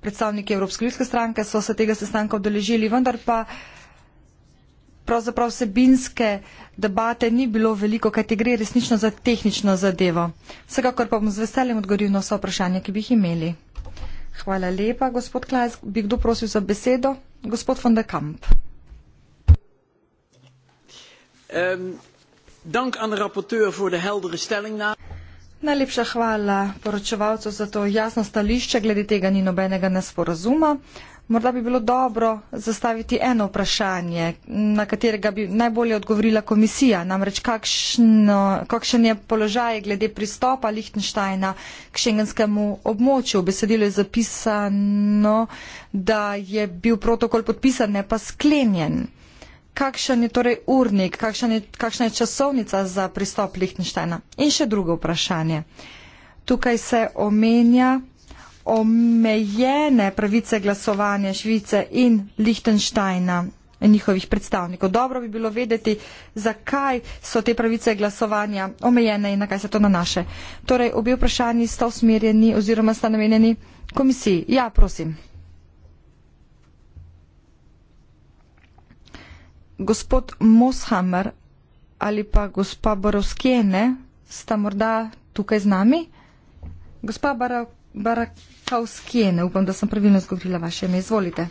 predstavniki Evropske ljudske stranke so se tega sestanka odeležili, vendar pa pravzaprav vsebinske debate ni bilo veliko, kaj ti gre resnično za tehnično zadevo. Vsekakor pa bom z veseljem odgovoril na vse vprašanja, ki bi jih imeli. Hvala lepa, gospod Klajs. Bi kdo prosil za besedo? Gospod von der Kamp. Um, dank an rapporteur voor de heldere stellingname. Najlepša hvala poročevalcu za to jasno stališče, glede tega ni nobenega nesporazuma. Morda bi bilo dobro zastaviti eno vprašanje, na katerega bi najbolje odgovorila komisija, namreč kakšno, kakšen je položaj glede pristopa Lihtenštajna k šengenskemu območju. Besedilo je zapisano, da je bil protokol podpisan, ne pa sklenjen kakšen je torej urnik, kakšen je, kakšna je časovnica za pristop Lihtenštajna. In še drugo vprašanje. Tukaj se omenja omejene pravice glasovanja Švice in Lihtenštajna njihovih predstavnikov. Dobro bi bilo vedeti, zakaj so te pravice glasovanja omejene in na kaj se to nanaše. Torej, obi vprašanji sta usmerjeni oziroma sta namenjeni komisiji. Ja, prosim. gospod Moshammer ali pa gospa Borovskjene sta morda tukaj z nami? Gospa Barakovskjene, upam, da sem pravilno zgovorila vaše ime. Izvolite.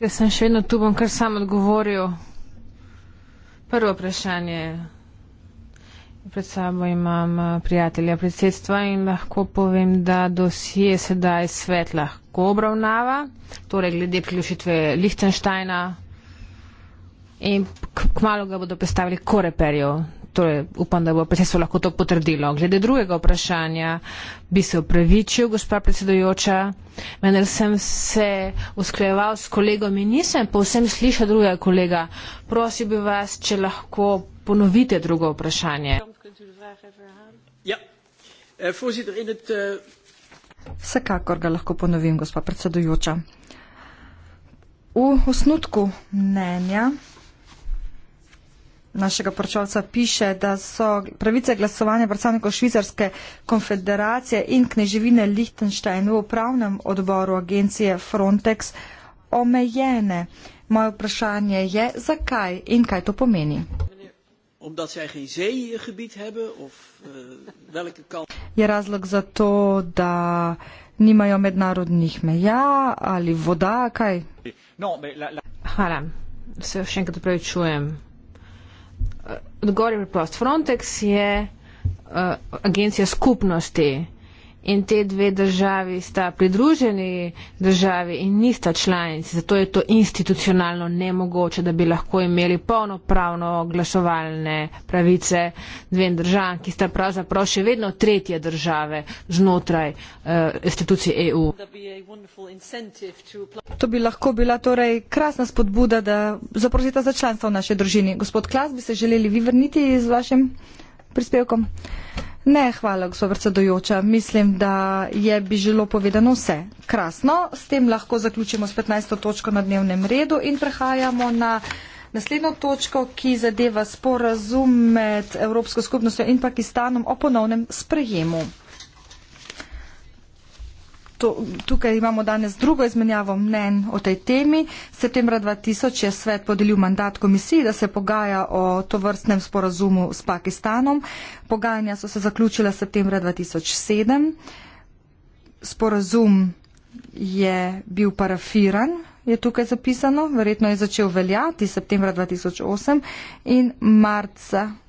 Jaz sem še vedno tu, bom kar sam odgovoril. Prvo vprašanje Pred sabo imam eh, prijatelja predsedstva in lahko povem, da dosije sedaj svet lahko obravnava, torej glede priključitve Lichtensteina in kmalo ga bodo predstavili koreperjev. Torej, upam, da bo predsedstvo lahko to potrdilo. Glede drugega vprašanja bi se opravičil, gospa predsedujoča. Menar sem se usklejeval s kolegom in nisem povsem slišal drugega kolega. Prosil bi vas, če lahko ponovite drugo vprašanje kunt u de vraag even herhalen? Ja, uh, voorzitter, in het. Uh... Vsekakor ga lahko ponovim, gospa predsedujoča. V osnutku mnenja našega poročalca piše, da so pravice glasovanja predstavnikov Švicarske konfederacije in kneževine Lichtenstein v upravnem odboru agencije Frontex omejene. Moje vprašanje je, zakaj in kaj to pomeni omdat zij geen zeegebied hebben of uh, welke kant? Je razlog za to da nimajo mednarodnih meja ali voda, kaj? No, me, la, la. Hvala. Se še enkrat prevečujem. Odgovor je preprost. Frontex je uh, agencija skupnosti in te dve državi sta pridruženi državi in nista članici, zato je to institucionalno nemogoče, da bi lahko imeli polnopravno glasovalne pravice dvem državam, ki sta pravzaprav še vedno tretje države znotraj uh, institucij EU. To bi lahko bila torej krasna spodbuda, da zaprosite za članstvo v naši družini. Gospod Klas, bi se želeli vi vrniti z vašim prispevkom? Ne, hvala, gospod predsedujoča. Mislim, da je bi želo povedano vse. Krasno, s tem lahko zaključimo s 15. točko na dnevnem redu in prehajamo na naslednjo točko, ki zadeva sporazum med Evropsko skupnostjo in Pakistanom o ponovnem sprejemu. To, tukaj imamo danes drugo izmenjavo mnen o tej temi. Septembra 2000 je svet podelil mandat komisiji, da se pogaja o tovrstnem sporazumu s Pakistanom. Pogajanja so se zaključila septembra 2007. Sporazum je bil parafiran, je tukaj zapisano, verjetno je začel veljati septembra 2008 in marca 2008.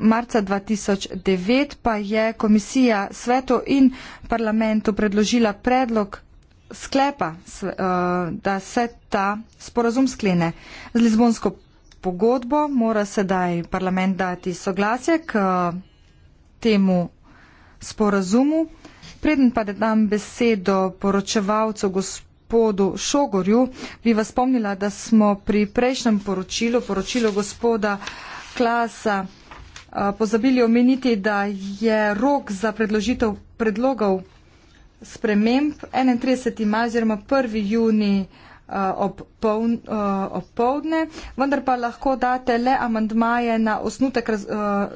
marca 2009 pa je komisija svetu in parlamentu predložila predlog sklepa, eh, da se ta sporazum sklene. Z Lizbonsko pogodbo mora sedaj parlament dati soglasje k eh, temu sporazumu. Preden pa da dam besedo poročevalcu gospodu Šogorju, bi vas spomnila, da smo pri prejšnjem poročilu, poročilu gospoda Klasa, pozabili omeniti, da je rok za predložitev predlogov sprememb 31. maj oziroma 1. juni ob povdne, vendar pa lahko date le amandmaje na osnutek raz,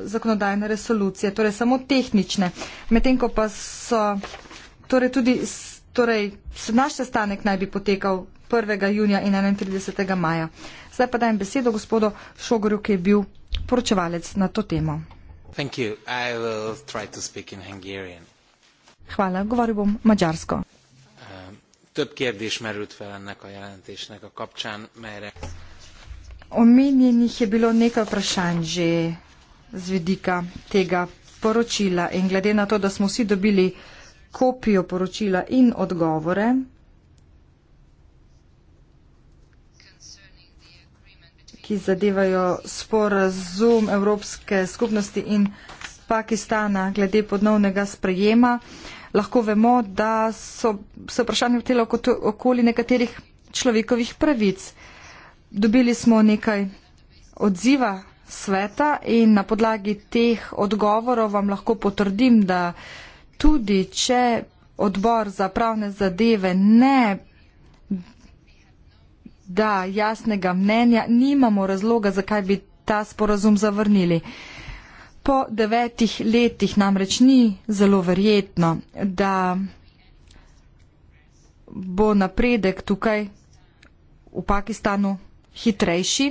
zakonodajne resolucije, torej samo tehnične. Medtem ko pa so torej tudi, torej naš sestanek naj bi potekal 1. junija in 31. maja. Zdaj pa dajem besedo gospodu Šogorju, ki je bil poročevalec na to temo. Hvala, govoril bom mađarsko. Um, több kérdés merült fel ennek a jelentésnek a kapcsán, melyre... Omenjenih je bilo nekaj vprašanj že z vidika tega poročila in glede na to, da smo vsi dobili kopijo poročila in odgovore, ki zadevajo sporazum Evropske skupnosti in Pakistana glede podnovnega sprejema. Lahko vemo, da so se vprašanje vrtelo okoli nekaterih človekovih pravic. Dobili smo nekaj odziva sveta in na podlagi teh odgovorov vam lahko potrdim, da tudi če odbor za pravne zadeve ne da jasnega mnenja nimamo razloga, zakaj bi ta sporazum zavrnili. Po devetih letih namreč ni zelo verjetno, da bo napredek tukaj v Pakistanu hitrejši.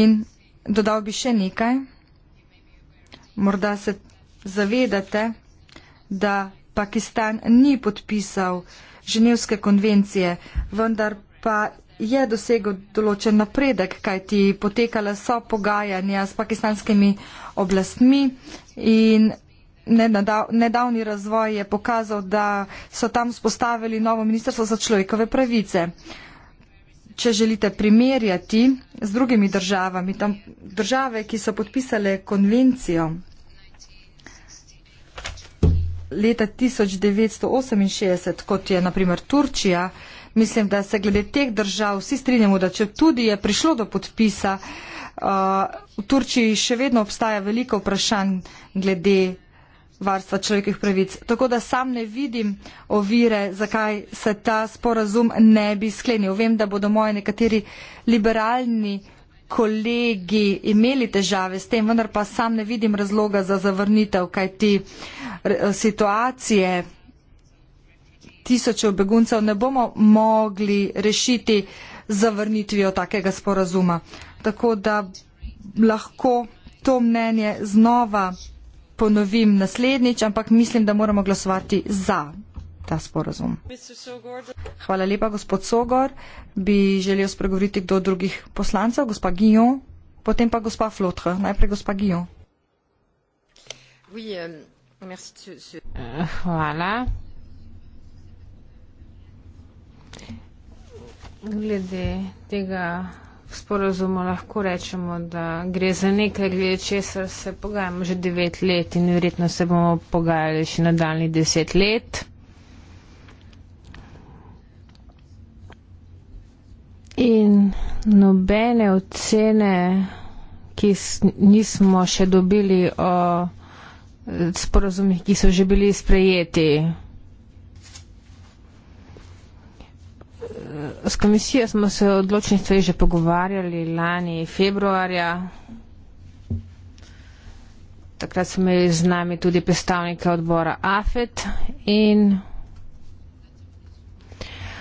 In dodal bi še nekaj. Morda se zavedate, da Pakistan ni podpisal Ženevske konvencije, vendar pa je dosegel določen napredek, kajti potekala so pogajanja s pakistanskimi oblastmi in nedavni razvoj je pokazal, da so tam spostavili novo ministrstvo za človekove pravice. Če želite primerjati z drugimi državami, tam države, ki so podpisale konvencijo leta 1968, kot je naprimer Turčija, mislim, da se glede teh držav vsi strinjamo, da če tudi je prišlo do podpisa, uh, v Turčiji še vedno obstaja veliko vprašanj glede varstva človekih pravic. Tako da sam ne vidim ovire, zakaj se ta sporazum ne bi sklenil. Vem, da bodo moji nekateri liberalni kolegi imeli težave s tem, vendar pa sam ne vidim razloga za zavrnitev, kaj ti situacije tisočev beguncev ne bomo mogli rešiti zavrnitvijo takega sporazuma. Tako da lahko to mnenje znova ponovim naslednjič, ampak mislim, da moramo glasovati za ta sporazum. Hvala lepa, gospod Sogor. Bi želel spregovoriti kdo drugih poslancev, gospa Guillon, potem pa gospa Flotre. Najprej gospa Guillon. Euh, euh, hvala. glede tega sporozuma lahko rečemo, da gre za nekaj, glede česar se pogajamo že devet let in verjetno se bomo pogajali še nadaljni deset let. In nobene ocene, ki nismo še dobili o sporozumih, ki so že bili sprejeti. s komisijo smo se odločni stvari že pogovarjali lani februarja. Takrat smo imeli z nami tudi predstavnike odbora AFET in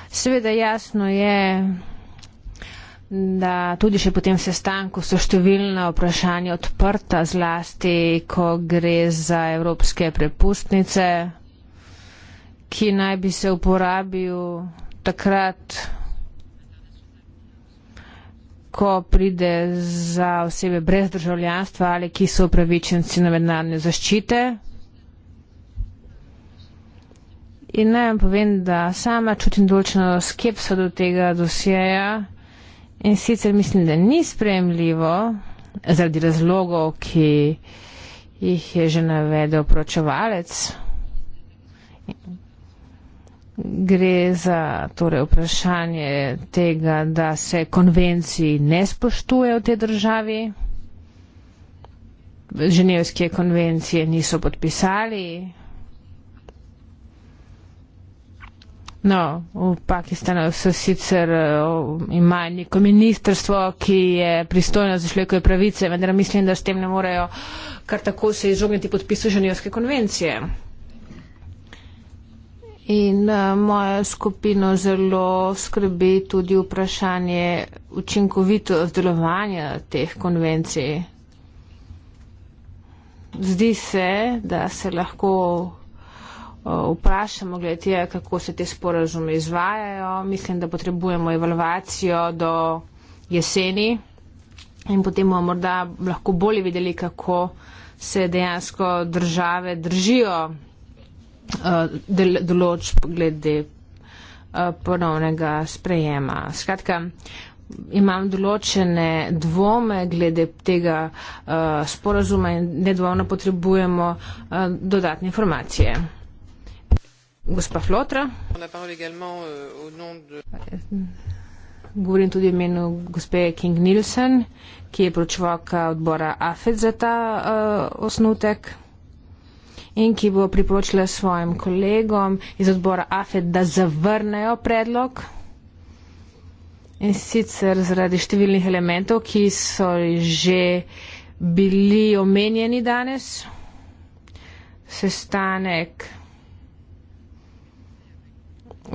seveda jasno je, da tudi še po tem sestanku so številna vprašanja odprta zlasti, ko gre za evropske prepustnice, ki naj bi se uporabil takrat, ko pride za osebe brez državljanstva ali ki so upravičenci na mednarodne zaščite. In naj vam povem, da sama čutim določeno skepso do tega dosjeja in sicer mislim, da ni spremljivo zaradi razlogov, ki jih je že navedel pročevalec. Gre za torej, vprašanje tega, da se konvenciji ne spoštuje v tej državi. Ženevske konvencije niso podpisali. No, v Pakistanu so sicer eh, imajo neko ministrstvo, ki je pristojno za človekove pravice, vendar mislim, da s tem ne morejo kar tako se izogniti podpisu ženevske konvencije. In eh, mojo skupino zelo skrbi tudi vprašanje učinkovito vzdelovanja teh konvencij. Zdi se, da se lahko eh, vprašamo, glede, kako se te sporazume izvajajo. Mislim, da potrebujemo evalvacijo do jeseni in potem bomo morda lahko bolje videli, kako se dejansko države držijo Eh, del, določb glede eh, ponovnega sprejema. Skratka, imam določene dvome glede tega uh, sporazuma in nedvomno potrebujemo uh, dodatne informacije. Gospa Flotra. Euh, Govorim tudi v imenu gospe King Nielsen, ki je pročvaka odbora AFED za ta uh, osnutek in ki bo priporočila svojim kolegom iz odbora AFED, da zavrnejo predlog. In sicer zaradi številnih elementov, ki so že bili omenjeni danes. Sestanek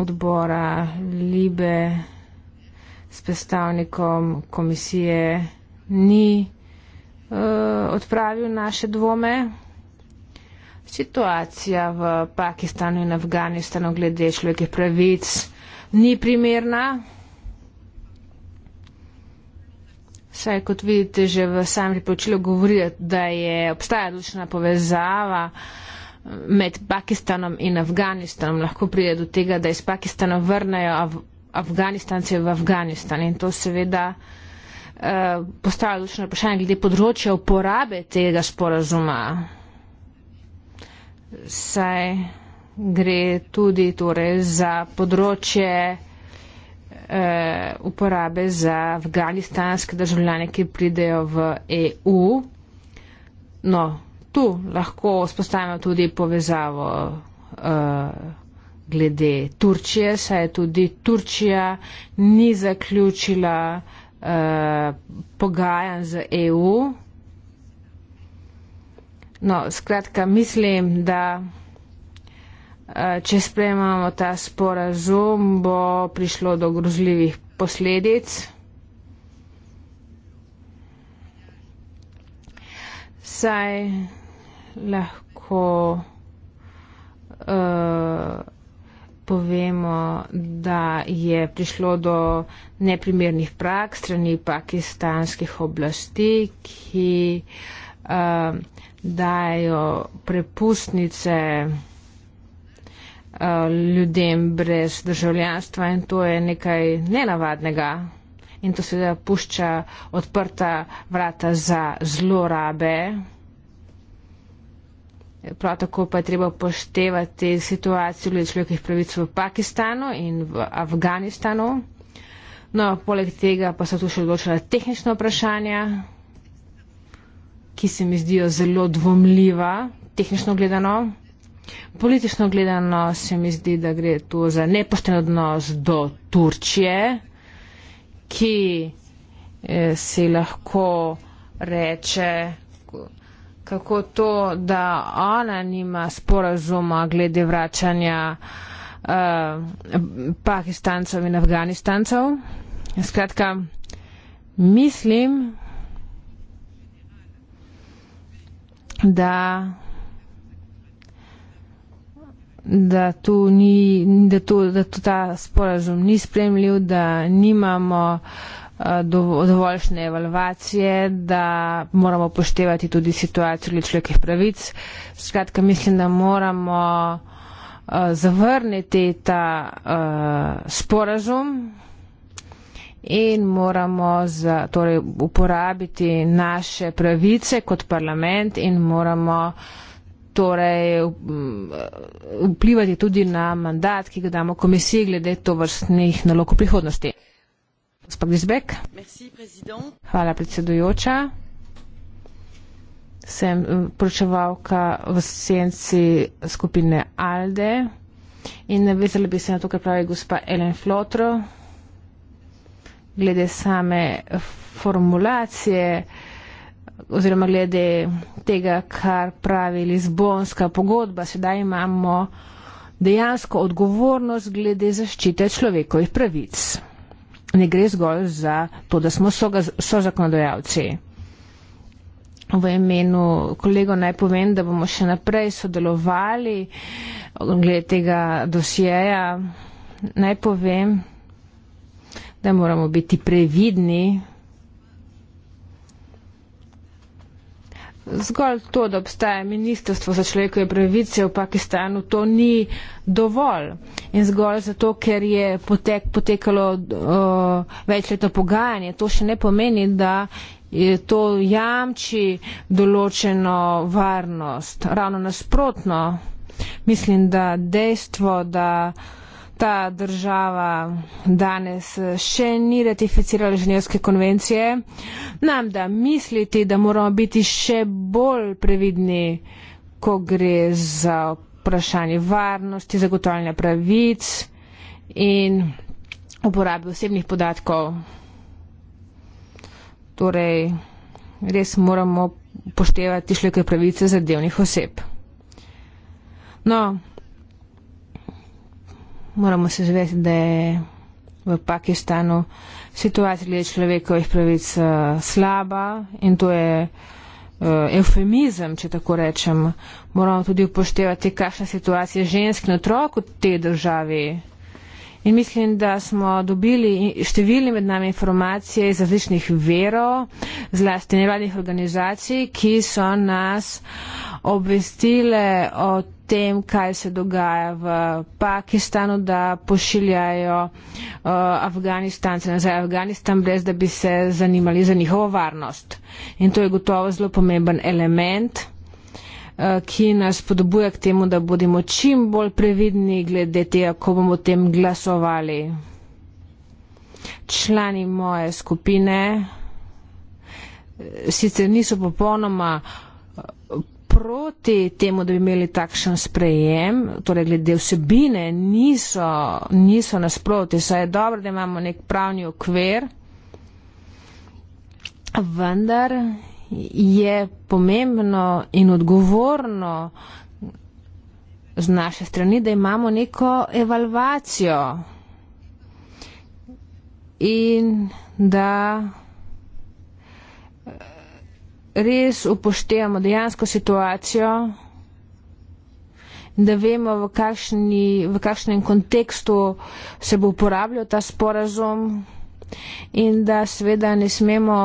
odbora Libe s predstavnikom komisije ni uh, odpravil naše dvome situacija v Pakistanu in Afganistanu glede človekih pravic ni primerna. Saj, kot vidite, že v samem priporočilu govori, da je obstaja odlična povezava eh, med Pakistanom in Afganistanom. Lahko pride do tega, da iz Pakistana vrnejo Af Afganistance v Afganistan. In to seveda uh, postavlja odlično vprašanje glede področja uporabe tega sporazuma saj gre tudi torej za področje eh, uporabe za afganistanske državljane, ki pridejo v EU. No, tu lahko spostavimo tudi povezavo eh, glede Turčije, saj tudi Turčija ni zaključila eh, pogajanj z EU. No, skratka, mislim, da eh, če sprejemamo ta sporazum, bo prišlo do grozljivih posledic. Saj lahko uh, povemo, da je prišlo do neprimernih praks strani pakistanskih oblasti, ki uh, dajo prepustnice eh, ljudem brez državljanstva in to je nekaj nenavadnega. In to seveda pušča odprta vrata za zlorabe. Prav tako pa je treba poštevati situacijo ljudi človekovih pravic v Pakistanu in v Afganistanu. No, poleg tega pa so tu še odločila tehnična vprašanja, ki se mi zdijo zelo dvomljiva, tehnično gledano. Politično gledano se mi zdi, da gre tu za nepošten odnos do Turčije, ki eh, se lahko reče, kako to, da ona nima sporazuma glede vračanja uh, pakistancev in afganistancev. Skratka, mislim, da da tu ni, da tu, da tu ta sporazum ni spremljiv, da nimamo uh, eh, dovoljšne evalvacije, da moramo poštevati tudi situacijo ljudskih pravic. Skratka, mislim, da moramo uh, zavrniti ta uh, sporazum, in moramo za, torej, uporabiti naše pravice kot parlament in moramo torej, mm, vplivati tudi na mandat, ki ga damo komisiji glede to vrstnih nalog v prihodnosti. Hvala, predsedujoča. Sem mm, poročevalka v senci skupine ALDE in navezala bi se na to, kar pravi gospa Ellen Flotro glede same formulacije oziroma glede tega, kar pravi Lizbonska pogodba, sedaj imamo dejansko odgovornost glede zaščite človekovih pravic. Ne gre zgolj za to, da smo sozakonodajalci. V imenu kolego naj povem, da bomo še naprej sodelovali glede tega dosjeja. Naj povem, da moramo biti previdni. Zgolj to, da obstaja Ministrstvo za človekove pravice v Pakistanu, to ni dovolj. In zgolj zato, ker je potek, potekalo uh, večleto pogajanje, to še ne pomeni, da to jamči določeno varnost. Ravno nasprotno, mislim, da dejstvo, da uh, ta država danes še ni ratificirala ženevske konvencije, nam da misliti, da moramo biti še bolj previdni, ko gre za vprašanje varnosti, zagotovljanja pravic in uporabe osebnih podatkov. Torej, res moramo poštevati človekove pravice zadevnih oseb. No, moramo se zavedati, da je v Pakistanu situacija glede človekovih pravic eh, slaba in to je uh, eh, eufemizem, če tako rečem. Moramo tudi upoštevati, kakšna situacija žensk in otrok v tej državi. In mislim, da smo dobili številne med nami informacije iz različnih verov, zlasti nevladnih organizacij, ki so nas obvestile o tem, kaj se dogaja v Pakistanu, da pošiljajo uh, Afganistance nazaj v Afganistan, brez da bi se zanimali za njihovo varnost. In to je gotovo zelo pomemben element, uh, ki nas podobuje k temu, da bodimo čim bolj previdni glede tega, ko bomo o tem glasovali. Člani moje skupine eh, sicer niso popolnoma proti temu, da bi imeli takšen sprejem, torej glede vsebine, niso, niso nasproti. Saj je dobro, da imamo nek pravni okvir, vendar je pomembno in odgovorno z naše strani, da imamo neko evalvacijo in da res upoštevamo dejansko situacijo in da vemo, v, kakšni, v kakšnem kontekstu se bo uporabljal ta sporazum in da seveda ne smemo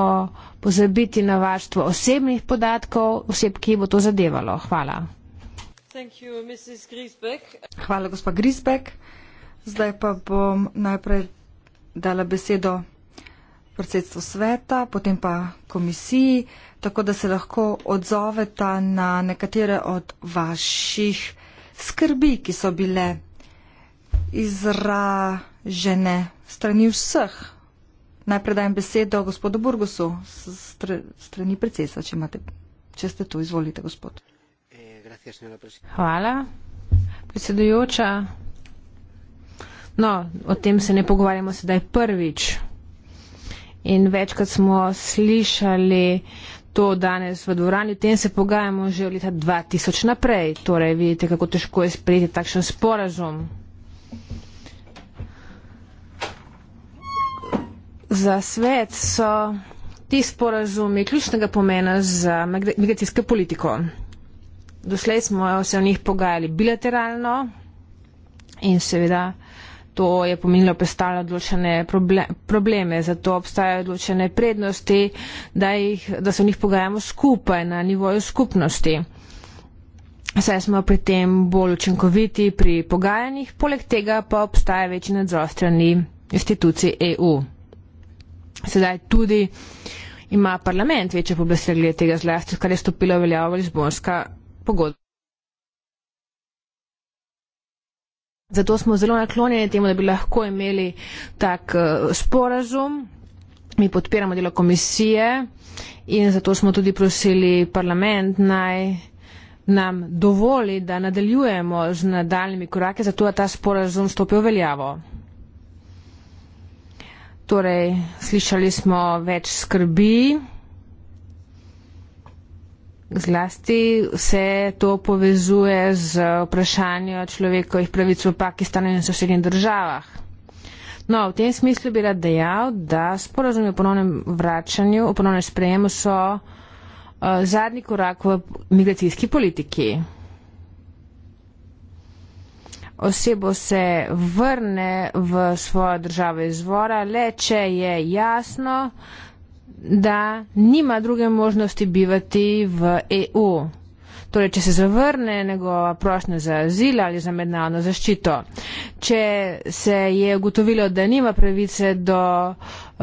pozabiti na varstvo osebnih podatkov oseb, ki bo to zadevalo. Hvala. You, Hvala, gospa Grisbek. Zdaj pa bom najprej dala besedo predsedstvu sveta, potem pa komisiji, tako da se lahko odzoveta na nekatere od vaših skrbi, ki so bile izražene strani vseh. Najprej dajem besedo gospodu Burgosu, strani predsedstva, če, imate, če ste tu, izvolite, gospod. Hvala, predsedujoča. No, o tem se ne pogovarjamo sedaj prvič in večkrat smo slišali to danes v dvorani, o tem se pogajamo že od leta 2000 naprej. Torej, vidite, kako težko je sprejeti takšen sporazum. Za svet so ti sporazumi ključnega pomena za migracijsko politiko. Doslej smo se o njih pogajali bilateralno in seveda To je pomenilo predstavljanje odločene proble probleme, zato obstajajo odločene prednosti, da, jih, da se v njih pogajamo skupaj na nivoju skupnosti. Saj smo pri tem bolj učinkoviti pri pogajanjih, poleg tega pa obstaja večji nadzor strani institucij EU. Sedaj tudi ima parlament večje pobesede glede tega zlasti, kar je stopila v veljavo Lizbonska pogodba. Zato smo zelo naklonjeni temu, da bi lahko imeli tak eh, sporazum. Mi podpiramo delo komisije in zato smo tudi prosili parlament naj nam dovoli, da nadaljujemo z nadaljnimi korake, zato je ta sporazum stopil v veljavo. Torej, slišali smo več skrbi. Zlasti vse to povezuje z vprašanjem človekovih pravic v Pakistanu in sosednjih državah. No, v tem smislu bi rad dejal, da sporozumi o ponovnem vračanju, o ponovnem sprejemu so uh, zadnji korak v migracijski politiki. Osebo se vrne v svojo državo izvora le, če je jasno, uh, da nima druge možnosti bivati v EU. Torej, če se zavrne njegova prošnja za azil ali za mednarodno zaščito, če se je ugotovilo, da nima pravice do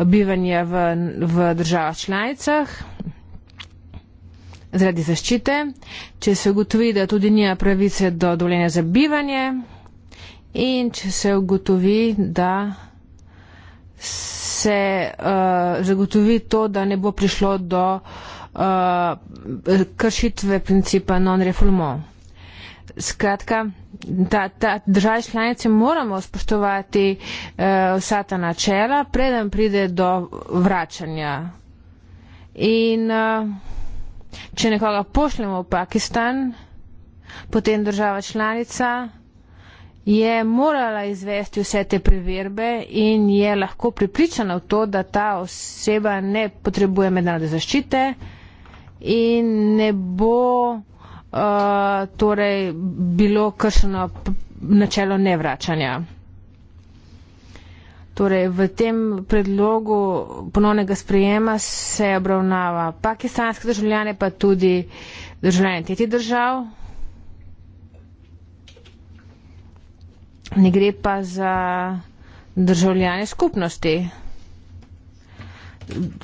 bivanja v, v državah članicah zaradi zaščite, če se ugotovi, da tudi nima pravice do dovoljenja za bivanje in če se ugotovi, da se uh, zagotovi to, da ne bo prišlo do uh, kršitve principa non-reformov. Skratka, ta, ta države članice moramo spoštovati uh, vsa ta načela, preden pride do vračanja. In uh, če nekoga pošljemo v Pakistan, potem država članica je morala izvesti vse te preverbe in je lahko pripričana v to, da ta oseba ne potrebuje mednarodne zaščite in ne bo uh, torej bilo kršeno načelo nevračanja. Torej, v tem predlogu ponovnega sprejema se obravnava pakistanske državljane, pa tudi državljane tretjih držav. ne gre pa za državljane skupnosti.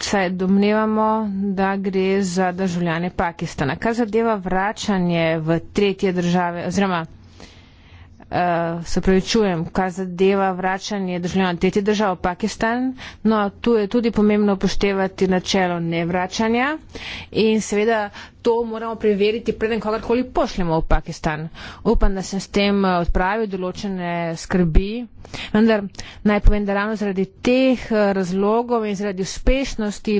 Saj domnevamo, da gre za državljane Pakistana. Kar zadeva vračanje v tretje države, oziroma uh, se pravi čujem, kar zadeva vračanje državljanov tretje države v Pakistan, no tu je tudi pomembno upoštevati načelo nevračanja in seveda to moramo preveriti, preden kogarkoli pošljemo v Pakistan. Upam, da sem s tem eh, odpravil določene skrbi. Vendar naj povem, da ravno zaradi teh eh, razlogov in zaradi uspešnosti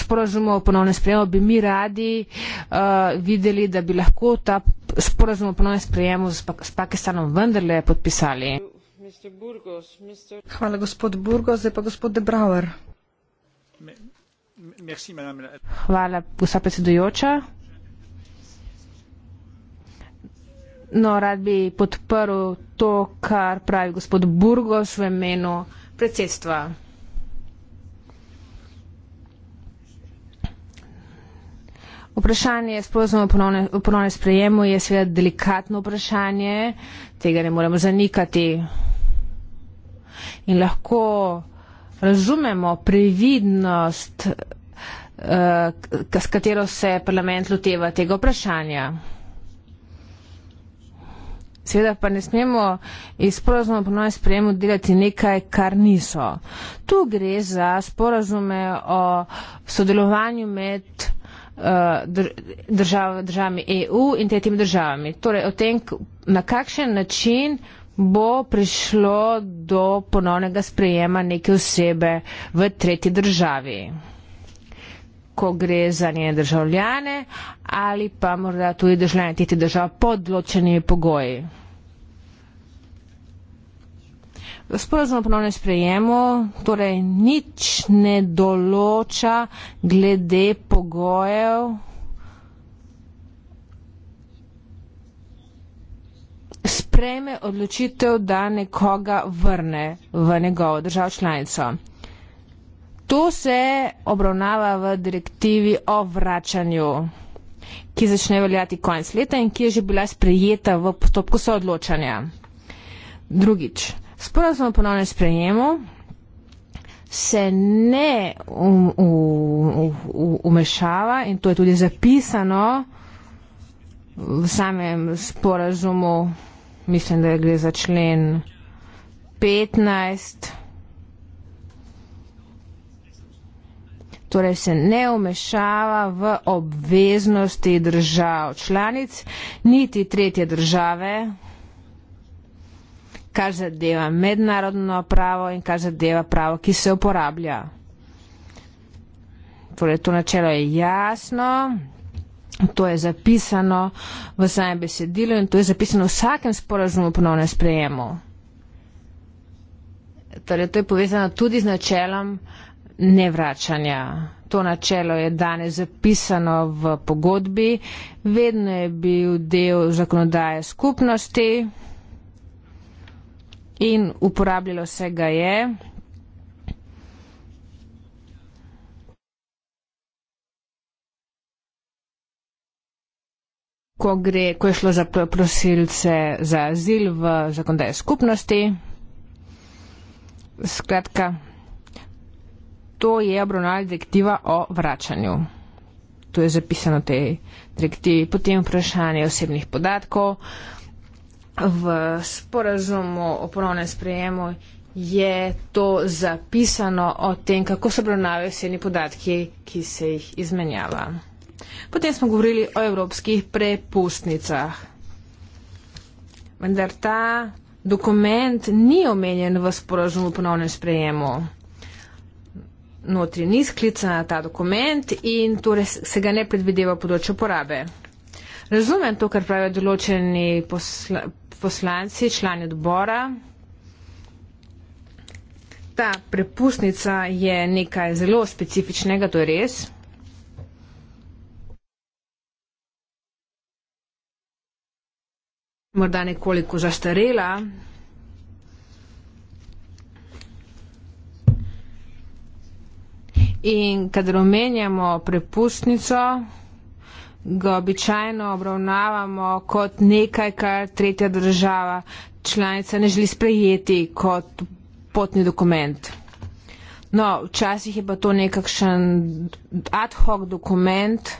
sporozumov o ponovnem sprejemu bi mi radi uh, videli, da bi lahko ta sporozum o ponovnem sprejemu s, pa s Pakistanom vendarle podpisali. Burgos, Mr... Hvala, gospod Burgos, zdaj pa gospod Debrauer. Hvala, gospa predsedujoča. No, rad bi podprl to, kar pravi gospod Burgos v imenu predsedstva. Vprašanje sporozuma o ponovnem sprejemu je seveda delikatno vprašanje, tega ne moremo zanikati. In lahko razumemo previdnost, eh, s katero se parlament loteva tega vprašanja. Seveda pa ne smemo iz sporazuma po novem sprejemu delati nekaj, kar niso. Tu gre za sporazume o sodelovanju med eh, držav, državami EU in tretjimi državami. Torej o tem, na kakšen način bo prišlo do ponovnega sprejema neke osebe v tretji državi ko gre za njene državljane ali pa morda tudi državljane tih držav pod ločenimi pogoji. Sporazum o ponovnem sprejemu torej nič ne določa glede pogojev sprejme odločitev, da nekoga vrne v njegovo državo članico. To se obravnava v direktivi o vračanju, ki začne veljati konec leta in ki je že bila sprejeta v postopku soodločanja. Drugič, sporazum o ponovnem sprejemu se ne um, um, um, umešava in to je tudi zapisano v samem sporazumu, mislim, da gre za člen 15. Torej se ne umešava v obveznosti držav članic, niti tretje države, kar zadeva mednarodno pravo in kar zadeva pravo, ki se uporablja. Torej, to načelo je jasno, to je zapisano v samem besedilu in to je zapisano v vsakem sporazumu ponovne sprejemu. Torej, to je povezano tudi z načelom nevračanja. To načelo je danes zapisano v pogodbi, vedno je bil del zakonodaje skupnosti in uporabljalo se ga je. Ko, gre, ko je šlo za prosilce za azil v zakonodaje skupnosti. Skratka, to je obravnava direktiva o vračanju. To je zapisano v tej direktivi. Potem vprašanje osebnih podatkov v sporazumu o ponovnem sprejemu je to zapisano o tem, kako se obravnavajo vsi podatki, ki se jih izmenjava. Potem smo govorili o evropskih prepustnicah. Vendar ta dokument ni omenjen v sporazumu o ponovnem sprejemu. Notri ni sklicana ta dokument in torej se ga ne predvideva področje porabe. Razumem to, kar pravijo določeni posla, poslanci, člani odbora. Ta prepustnica je nekaj zelo specifičnega, to je res. morda nekoliko zastarela. In kadar omenjamo prepustnico, ga običajno obravnavamo kot nekaj, kar tretja država članica ne želi sprejeti kot potni dokument. No, včasih je pa to nekakšen ad hoc dokument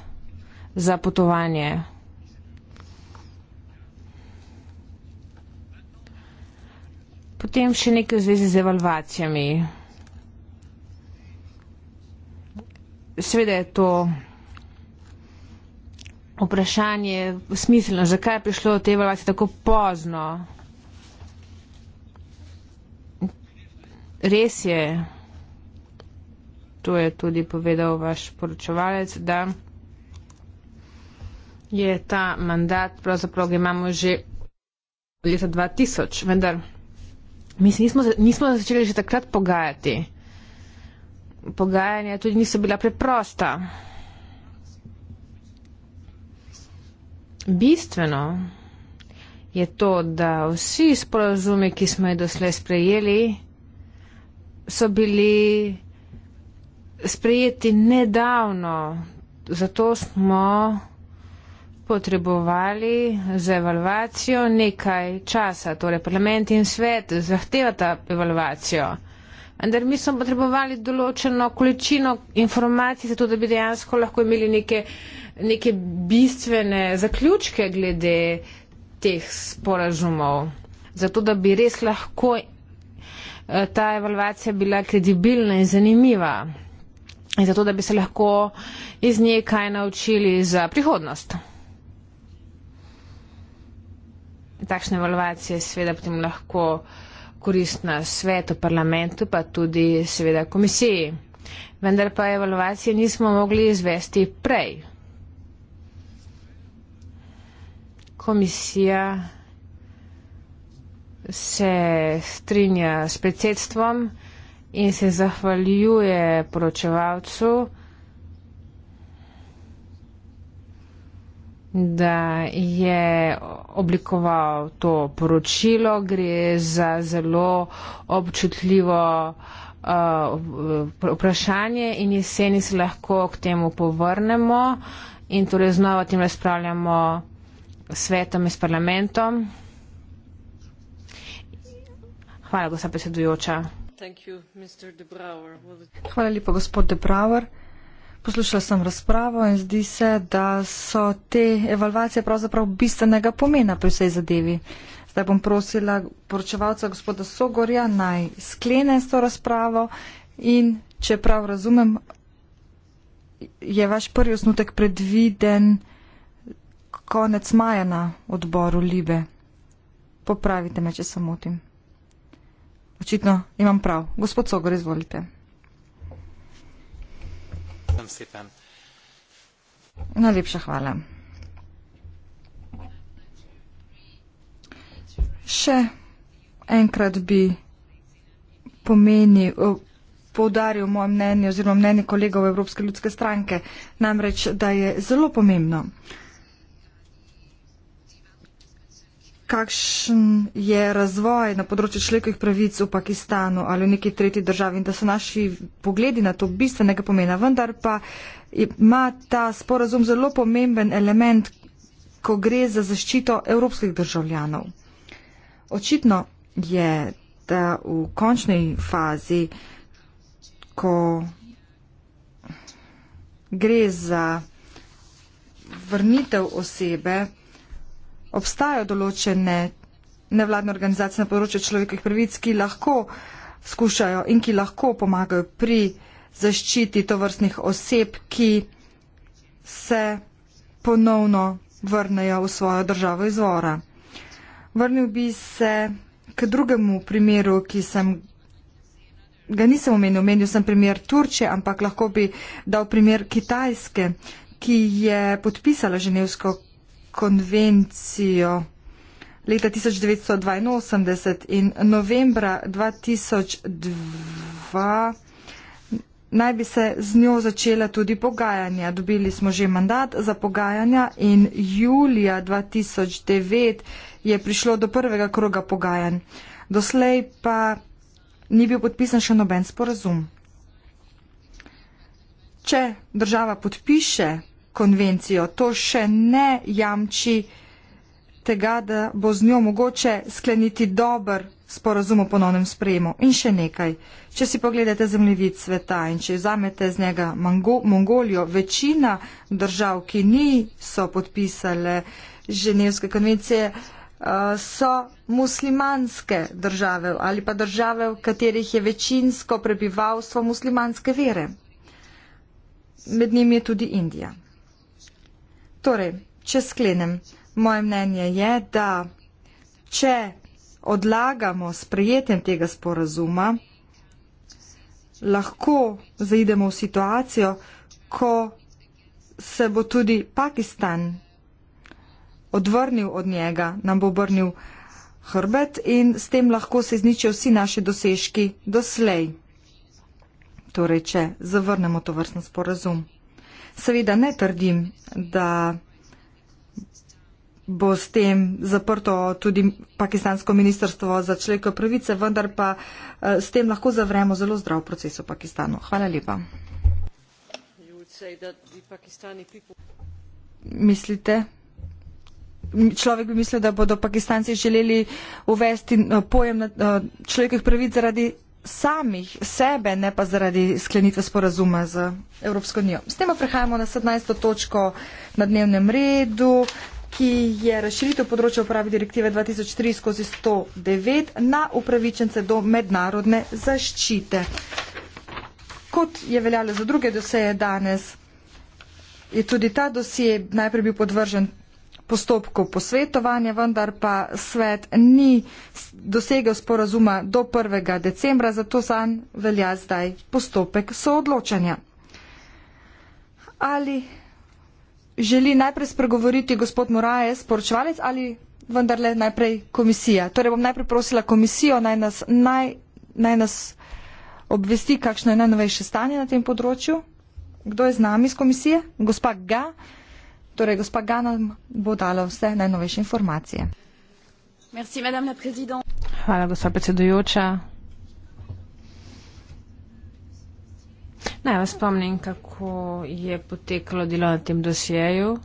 za potovanje. Potem še nekaj v zvezi z evalvacijami. Seveda je to vprašanje smiselno, zakaj je prišlo do te evaluacije tako pozno. Res je, to je tudi povedal vaš poročevalec, da je ta mandat, pravzaprav ga imamo že leta 2000, vendar mi se nismo, nismo začeli že takrat pogajati. Pogajanja tudi niso bila preprosta. bistveno je to, da vsi sporozumi, ki smo jih doslej sprejeli, so bili sprejeti nedavno. Zato smo potrebovali za evalvacijo nekaj časa. Torej, parlament in svet zahtevata evalvacijo. Ampak mi smo potrebovali določeno količino informacij, zato da bi dejansko lahko imeli neke uh, neke bistvene zaključke glede teh sporazumov, zato da bi res lahko eh, ta evalvacija bila kredibilna in zanimiva in zato da bi se lahko iz nje kaj naučili za prihodnost. Takšna evalvacija je seveda potem lahko koristna svetu, parlamentu, pa tudi seveda komisiji. Vendar pa evalvacije nismo mogli izvesti prej. komisija se strinja s predsedstvom in se zahvaljuje poročevalcu, da je oblikoval to poročilo. Gre za zelo občutljivo uh, vprašanje in jeseni se lahko k temu povrnemo in torej znova o tem razpravljamo svetom in s parlamentom. Hvala, gospod predsedujoča. Hvala lepa, gospod De Brauer. Poslušala sem razpravo in zdi se, da so te evalvacije pravzaprav bistvenega pomena pri vsej zadevi. Zdaj bom prosila poročevalca gospoda Sogorja naj sklene s to razpravo in, če prav razumem, je vaš prvi osnutek predviden konec maja na odboru Libe. Popravite me, če se motim. Očitno imam prav. Gospod Sogor, izvolite. Najlepša hvala. Še enkrat bi pomeni, poudaril moje mnenje oziroma mnenje kolegov Evropske ljudske stranke, namreč, da je zelo pomembno, kakšen je razvoj na področju človekovih pravic v Pakistanu ali v neki tretji državi in da so naši pogledi na to bistvenega pomena. Vendar pa ima ta sporazum zelo pomemben element, ko gre za zaščito evropskih državljanov. Očitno je, da v končni fazi, ko gre za vrnitev osebe, obstajajo določene nevladne organizacije na področju človekovih prvic, ki lahko skušajo in ki lahko pomagajo pri zaščiti tovrstnih oseb, ki se ponovno vrnejo v svojo državo izvora. Vrnil bi se k drugemu primeru, ki sem ga nisem omenil. Omenil sem primer Turčije, ampak lahko bi dal primer Kitajske, ki je podpisala ženevsko konvencijo leta 1982 in novembra 2002 naj bi se z njo začela tudi pogajanja. Dobili smo že mandat za pogajanja in julija 2009 je prišlo do prvega kroga pogajanj. Doslej pa ni bil podpisan še noben sporazum. Če država podpiše konvencijo. To še ne jamči tega, da bo z njo mogoče skleniti dober sporazum o ponovnem sprejemu. In še nekaj. Če si pogledate zemljevid sveta in če vzamete z njega Mongolijo, večina držav, ki niso podpisale Ženevske konvencije, eh, so muslimanske države ali pa države, v katerih je večinsko prebivalstvo muslimanske vere. Med njimi je tudi Indija. Torej, če sklenem, moje mnenje je, da če odlagamo sprejetjem tega sporazuma, lahko zaidemo v situacijo, ko se bo tudi Pakistan odvrnil od njega, nam bo obrnil hrbet in s tem lahko se izničijo vsi naši dosežki doslej. Torej, če zavrnemo to vrstno sporazum. Seveda ne trdim, da bo s tem zaprto tudi pakistansko ministrstvo za človekove pravice, vendar pa eh, s tem lahko zavremo zelo zdrav proces v Pakistanu. Hvala lepa. Mislite? Človek bi mislil, da bodo pakistanci želeli uvesti eh, pojem eh, človekovih pravic zaradi samih sebe, ne pa zaradi sklenitve sporazuma z Evropsko unijo. S tem prehajamo na 17. točko na dnevnem redu, ki je razširitev področja uporabe direktive 2003/109 na upravičence do mednarodne zaščite. Kot je veljalo za druge doseje danes, je tudi ta dosje najprej bil podvržen postopku posvetovanja, vendar pa svet ni dosegel sporazuma do 1. decembra, zato zanj velja zdaj postopek soodločanja. Ali želi najprej spregovoriti gospod Moraes, poročevalec, ali vendarle najprej komisija? Torej bom najprej prosila komisijo, naj nas, naj, naj nas obvesti, kakšno je najnovejše stanje na tem področju. Kdo je z nami iz komisije? Gospa Ga. Torej, gospa Gana bo dala vse najnovejše informacije. Merci, la Hvala, gospa predsedujoča. Naj vas spomnim, kako je potekalo delo na tem dosjeju.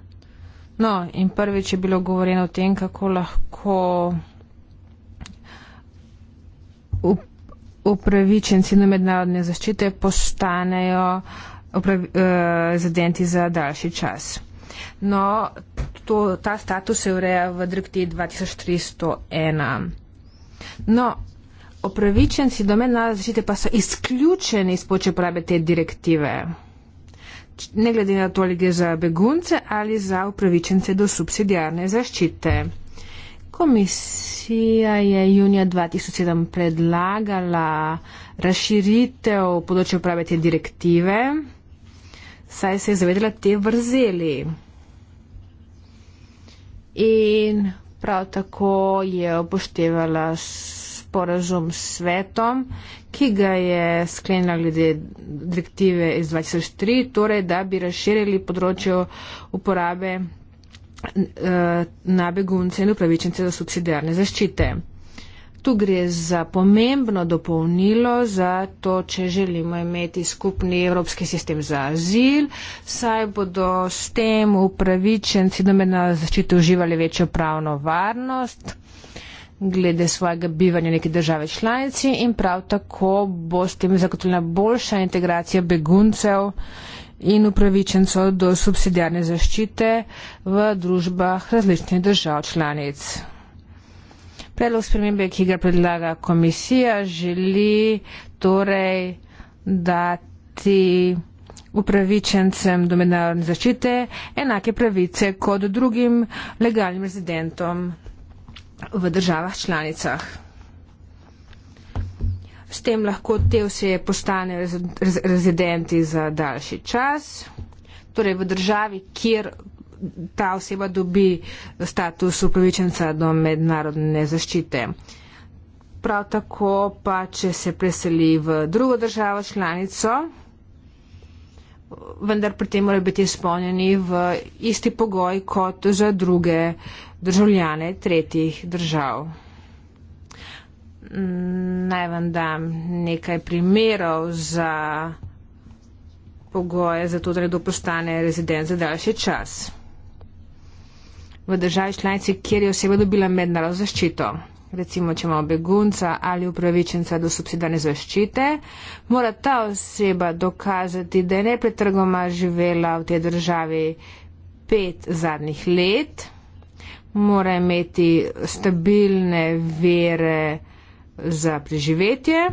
No, in prvič je bilo govoreno o tem, kako lahko upravičenci na mednarodne zaščite postanejo rezidenti eh, za daljši čas. No, to, ta status se ureja v direktivi 2301. No, opravičenci do mednarodne zaščite pa so izključeni iz počeja uporabe te direktive. Ne glede na to, ali gre za begunce ali za upravičence do subsidijarne zaščite. Komisija je junija 2007 predlagala razširitev področja uporabe te direktive saj se je zavedala te vrzeli. In prav tako je upoštevala sporazum s svetom, ki ga je sklenila glede direktive iz 2003, torej da bi razširili področje uporabe eh, na begunce in upravičence za subsidijarne zaščite. Tu gre za pomembno dopolnilo za to, če želimo imeti skupni evropski sistem za azil, saj bodo s tem upravičenci do mena zaščite uživali večjo pravno varnost glede svojega bivanja neke države članici in prav tako bo s tem zagotovljena boljša integracija beguncev in upravičencev do subsidijarne zaščite v družbah različnih držav članic. Predlog spremembe, ki ga predlaga komisija, želi torej dati upravičencem do mednarodne zaščite enake pravice kot drugim legalnim rezidentom v državah članicah. S tem lahko te vse postane rezidenti za daljši čas, torej v državi, kjer ta oseba dobi status upravičenca do mednarodne zaščite. Prav tako pa, če se preseli v drugo državo članico, vendar pri tem morajo biti izpolnjeni v isti pogoj kot za druge državljane tretjih držav. Naj vam dam nekaj primerov za pogoje, zato da nekdo postane rezident za daljši čas v državi članici, kjer je oseba dobila mednarodno zaščito. Recimo, če imamo begunca ali upravičenca do subsidarne zaščite, mora ta oseba dokazati, da je nepretrgoma živela v tej državi pet zadnjih let, mora imeti stabilne vere za preživetje,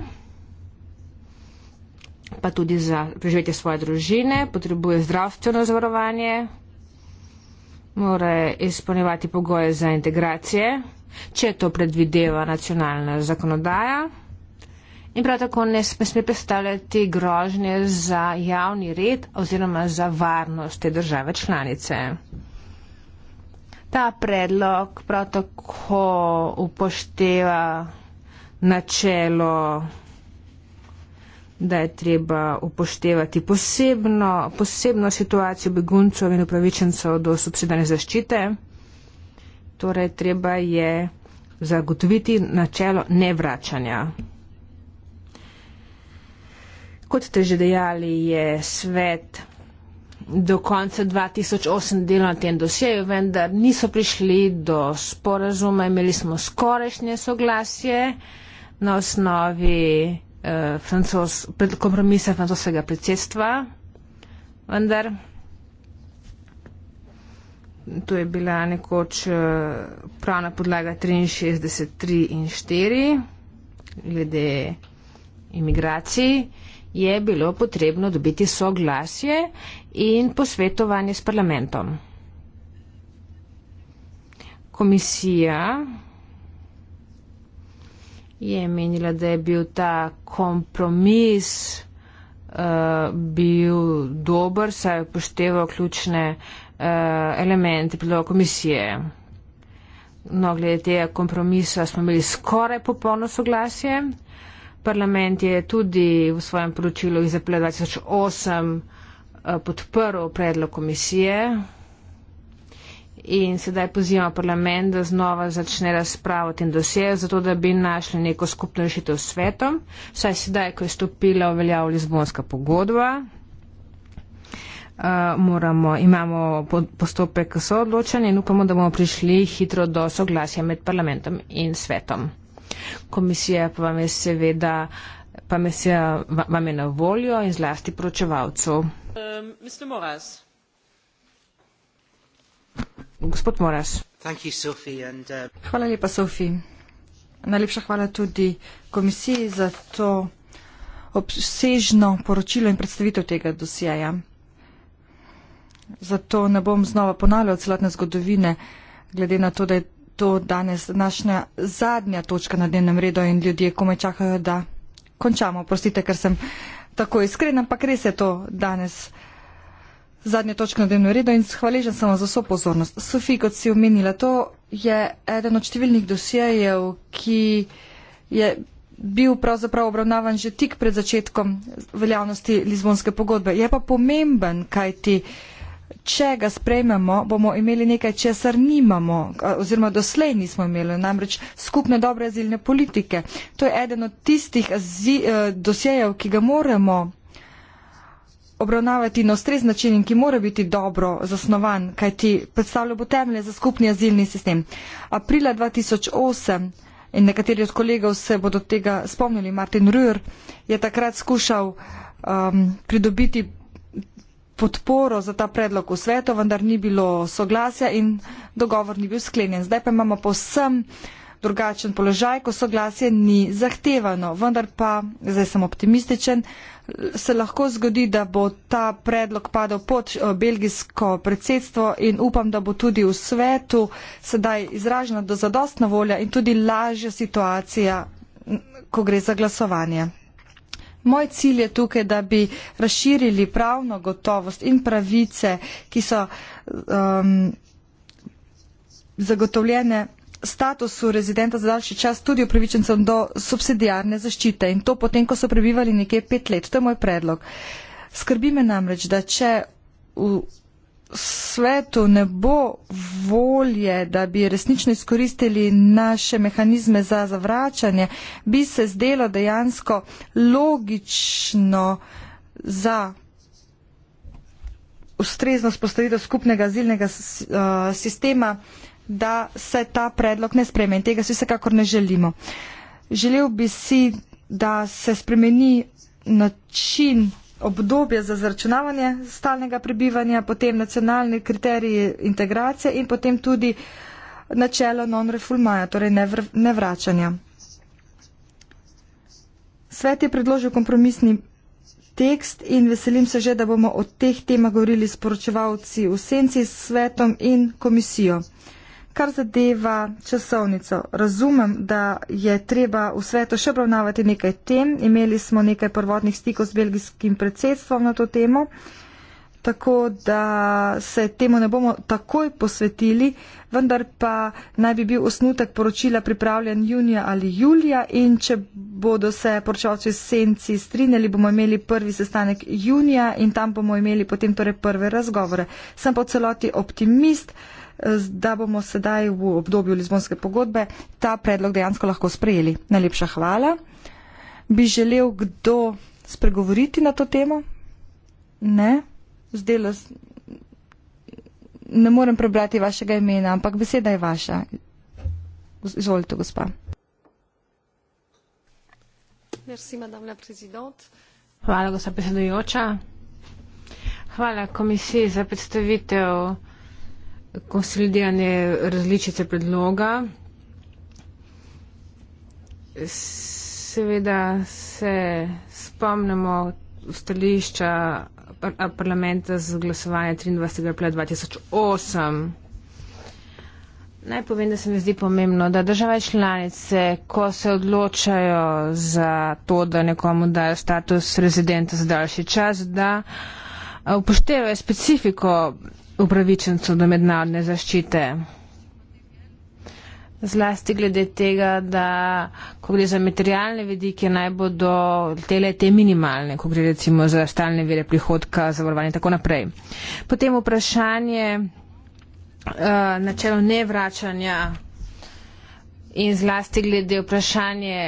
pa tudi za preživetje svoje družine, potrebuje zdravstveno zavarovanje, mora izpolnjevati pogoje za integracije, če to predvideva nacionalna zakonodaja in prav tako ne sme predstavljati grožnje za javni red oziroma za varnost te države članice. Ta predlog prav tako upošteva načelo da je treba upoštevati posebno, posebno situacijo beguncov in upravičencev do subsidarne zaščite. Torej, treba je zagotoviti načelo nevračanja. Kot ste že dejali, je svet do konca 2008 delo na tem dosjeju, vendar niso prišli do sporazuma, imeli smo skorešnje soglasje na osnovi Eh, francos, kompromisa francoskega predsedstva, vendar tu je bila nekoč eh, pravna podlaga 63, 3 in 4 glede imigracij, je bilo potrebno dobiti soglasje in posvetovanje s parlamentom. Komisija je menila, da je bil ta kompromis uh, bil dober, saj je upošteval ključne uh, elemente predloga komisije. No, glede tega kompromisa smo imeli skoraj popolno soglasje. Parlament je tudi v svojem poročilu iz aprila 2008 uh, podprl predlog komisije in sedaj pozivamo parlament, da znova začne razpravo o tem dosjeju, zato da bi našli neko skupno rešitev s svetom, saj sedaj, ko je stopila v veljavo Lizbonska pogodba. Uh, moramo, imamo postopek soodločanja in upamo, da bomo prišli hitro do soglasja med parlamentom in svetom. Komisija pa vam je seveda pa vam je na voljo in zlasti poročevalcu. Um, eh, Uh, hvala lepa, Sophie. Najlepša hvala tudi komisiji za to obsežno poročilo in predstavitev tega dosjeja. Zato ne bom znova ponavljal celotne zgodovine, glede na to, da je to danes naša zadnja točka na dnevnem redu in ljudje komaj čakajo, da končamo. Prostite, ker sem tako iskren, ampak res je to danes zadnjo točko na dnevnem redu in hvaležen sem vam za vso pozornost. Sofi, kot si omenila, to je eden od številnih dosjejev, ki je bil pravzaprav obravnavan že tik pred začetkom veljavnosti Lizbonske pogodbe. Je pa pomemben, kaj ti, če ga sprejmemo, bomo imeli nekaj, česar nimamo, oziroma doslej nismo imeli, namreč skupne dobre azilne politike. To je eden od tistih azil, eh, dosjejev, ki ga moramo obravnavati na ustrezni način in ki mora biti dobro zasnovan, kajti predstavlja bo temelje za skupni azilni sistem. Aprila 2008 in nekateri od kolegov se bodo tega spomnili, Martin Rür je takrat skušal um, pridobiti podporo za ta predlog v svetu, vendar ni bilo soglasja in dogovor ni bil sklenjen. Zdaj pa imamo posebno drugačen položaj, ko soglasje ni zahtevano. Vendar pa, zdaj sem optimističen, se lahko zgodi, da bo ta predlog padel pod eh, belgijsko predsedstvo in upam, da bo tudi v svetu sedaj izražena do zadostna volja in tudi lažja situacija, ko gre za glasovanje. Moj cilj je tukaj, da bi razširili pravno gotovost in pravice, ki so um, zagotovljene statusu rezidenta za daljši čas tudi upravičencem do subsidijarne zaščite in to potem, ko so prebivali nekje pet let. To je moj predlog. Skrbi me namreč, da če v svetu ne bo volje, da bi resnično izkoristili naše mehanizme za zavračanje, bi se zdelo dejansko logično za ustreznost postavitev skupnega azilnega sistema uh, da se ta predlog ne spreme in tega si vsekakor ne želimo. Želel bi si, da se spremeni način obdobja za zračunavanje stalnega prebivanja, potem nacionalni kriteriji integracije in potem tudi načelo non-refulmaja, torej nevračanja. Svet je predložil kompromisni tekst in veselim se že, da bomo o teh temah govorili sporočevalci v senci s svetom in komisijo. Kar zadeva časovnico, razumem, da je treba v svetu še obravnavati nekaj tem. Imeli smo nekaj prvotnih stikov s belgijskim predsedstvom na to temo, tako da se temu ne bomo takoj posvetili, vendar pa naj bi bil osnutek poročila pripravljen junija ali julija in če bodo se poročavci senci strinjali, bomo imeli prvi sestanek junija in tam bomo imeli potem torej prve razgovore. Sem pa celoti optimist da bomo sedaj v obdobju Lizbonske pogodbe ta predlog dejansko lahko sprejeli. Najlepša hvala. Bi želel kdo spregovoriti na to temo? Ne. Zdelo, ne morem prebrati vašega imena, ampak beseda je vaša. Izvolite, gospa. Hvala, gospa predsedujoča. Hvala komisiji za predstavitev konsolidirane različice predloga. Seveda se spomnimo stališča parlamenta z glasovanja 23. aprila 2008. Naj povem, da se mi zdi pomembno, da države članice, ko se odločajo za to, da nekomu dajo status rezidenta za daljši čas, da upoštevajo specifiko upravičencu do mednarodne zaščite. Zlasti glede tega, da ko gre za materialne vedike, naj bodo tele te minimalne, ko gre recimo za stalne vire prihodka, zavarovanje in tako naprej. Potem vprašanje uh, načelo nevračanja in zlasti glede vprašanje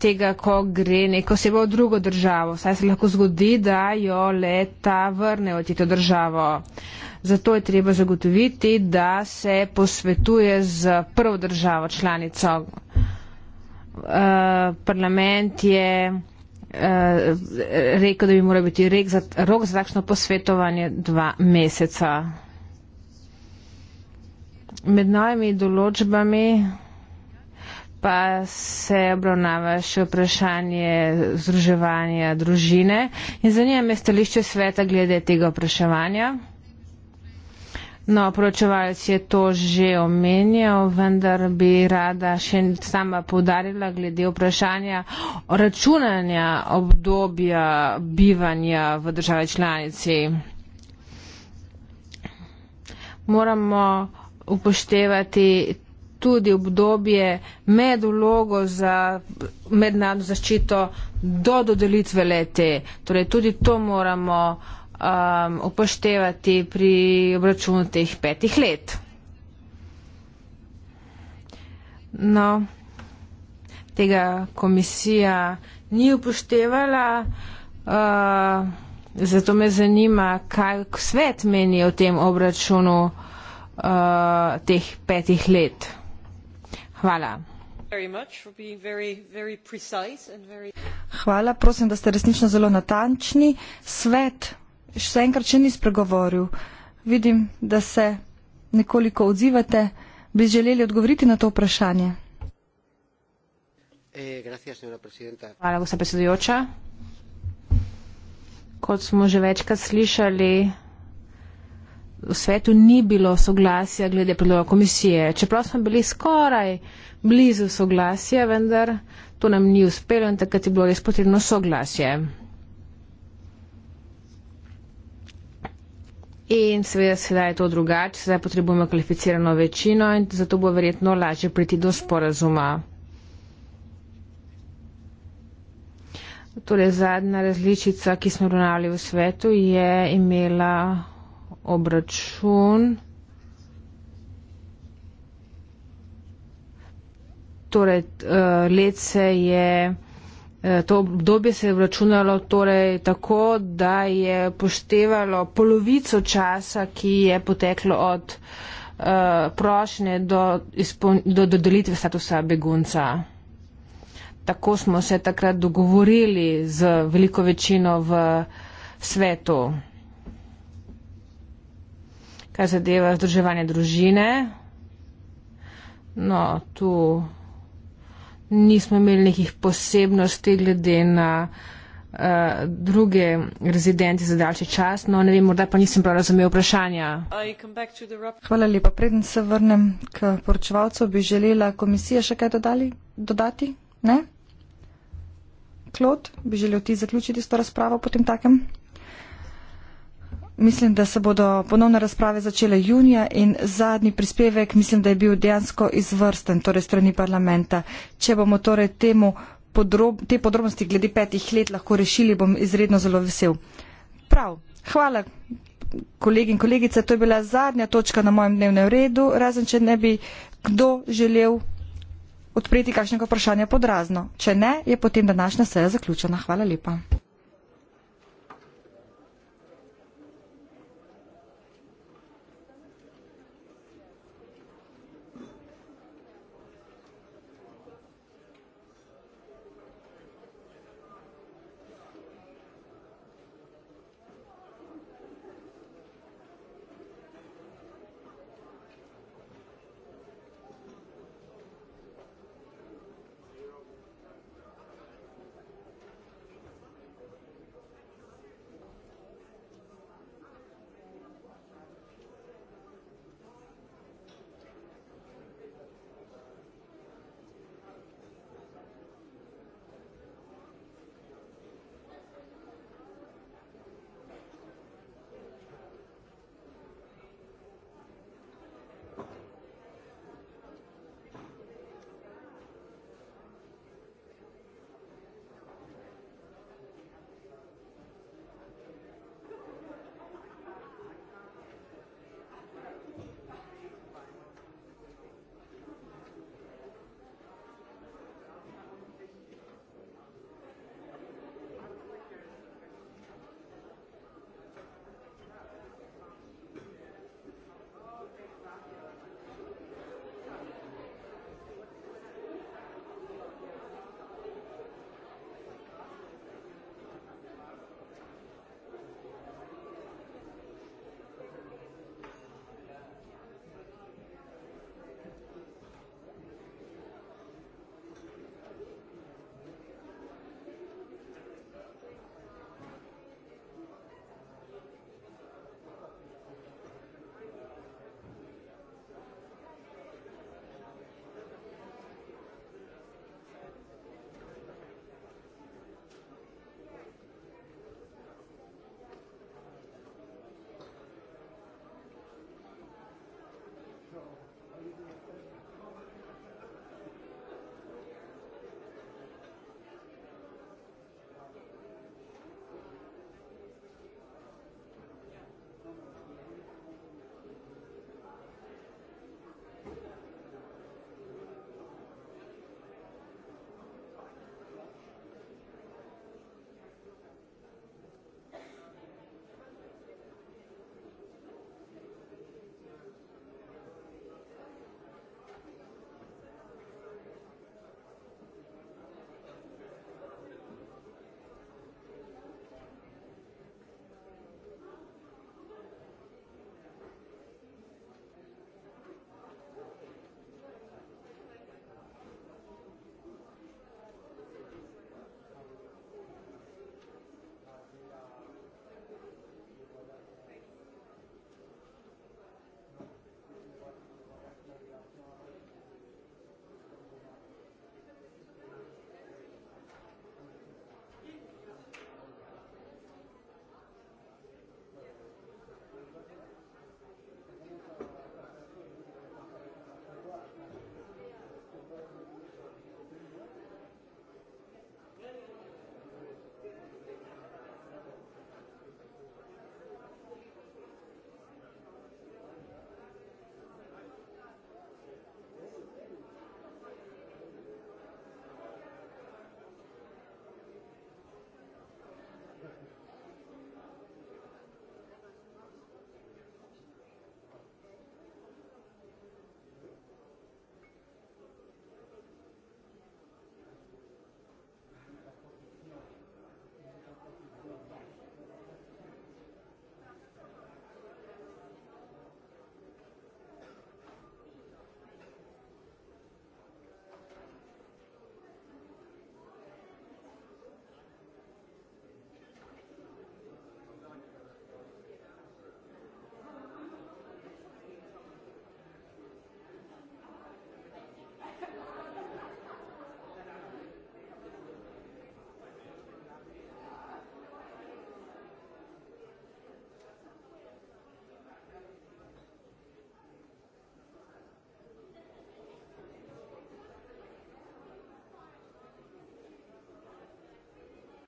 tega, ko gre neko osebo v drugo državo. Saj se lahko zgodi, da jo leta vrne v tito državo. Uh, Zato je treba zagotoviti, da se posvetuje z prvo državo članico. Eh, parlament je eh, rekel, da bi moral biti rok za takšno posvetovanje dva meseca. Med novimi določbami pa se obravnava še vprašanje združevanja družine in zanima me stališče sveta glede tega vpraševanja. No, poročevalec je to že omenjal, vendar bi rada še sama podarila glede vprašanja računanja obdobja bivanja v države članici. Moramo upoštevati tudi obdobje med vlogo za mednarodno zaščito do dodelitve lete. Torej, tudi to moramo upoštevati um, upoštevati pri obračunu teh petih let. No, tega komisija ni upoštevala, uh, zato me zanima, kaj svet meni o tem obračunu uh, teh petih let. Hvala. Hvala, prosim, da ste resnično zelo natančni. Svet še enkrat še ni spregovoril. Vidim, da se nekoliko odzivate. Bi želeli odgovoriti na to vprašanje? Eh, Hvala, gospa predsedujoča. Kot smo že večkrat slišali, v svetu ni bilo soglasja glede predloga komisije. Čeprav smo bili skoraj blizu soglasja, vendar to nam ni uspelo in takrat je bilo res potrebno soglasje. In seveda sedaj je to drugače, sedaj potrebujemo kvalificirano večino in zato bo verjetno lažje priti do sporazuma. Torej zadnja različica, ki smo ravnali v svetu, je imela obračun. Torej, uh, let se je. Eh, to obdobje se je vračunalo torej tako, da je poštevalo polovico časa, ki je poteklo od uh, prošnje do dodelitve do statusa begunca. Tako smo se takrat dogovorili z veliko večino v svetu, kar zadeva združevanje družine. No, tu nismo imeli nekih posebnosti glede na uh, druge rezidente za daljši čas. No, ne vem, morda pa nisem prav razumel vprašanja. Hvala lepa. Preden se vrnem k poročevalcu, bi želela komisija še kaj dodali, dodati? Ne? Klot, bi želel ti zaključiti s to razpravo potem takem? Mislim, da se bodo ponovne razprave začele junija in zadnji prispevek mislim, da je bil dejansko izvrsten, torej strani parlamenta. Če bomo torej temu podrob, te podrobnosti glede petih let lahko rešili, bom izredno zelo vesel. Prav, hvala kolegi in kolegice, to je bila zadnja točka na mojem dnevnem redu, razen če ne bi kdo želel odpreti kakšnega vprašanja podrazno. Če ne, je potem današnja seja zaključena. Hvala lepa.